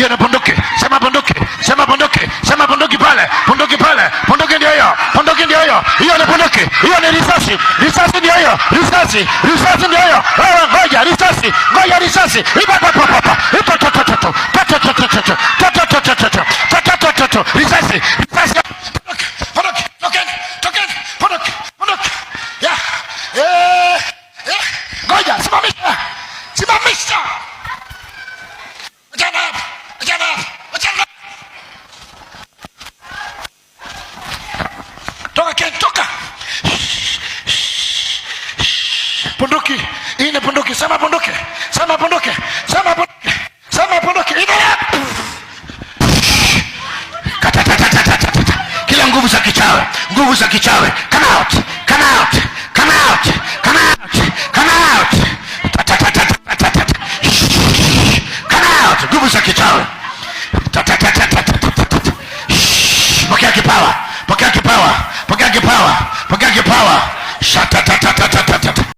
Ndio na pondoke. Sema pondoke. Sema pondoke. Sema pondoke pale. pondoke pale. Pondoke ndio hiyo. Pondoke ndio hiyo. Hiyo ni pondoke. Hiyo ni risasi. Risasi ndio hiyo. Risasi. Risasi ndio hiyo. Wewe ngoja risasi. Ngoja risasi. Ipa pa pa pa. Ipa to to to to. To to to to to. To to to to to. To to to to to. Risasi. Risasi. Pondoke. Pondoke. Pondoke. Pondoke. Pondoke. ya eh Punduki hii ni punduki, sema punduki, sema punduki, sema punduki, sema punduki. Kila nguvu za kichawi, nguvu za kichawi, come out, come out, come out, come out, come out, kata kata kata kata come out, nguvu za kichawi. kata kata kata Pokea kipawa, pokea kipawa, pokea kipawa, pokea kipawa, shata tata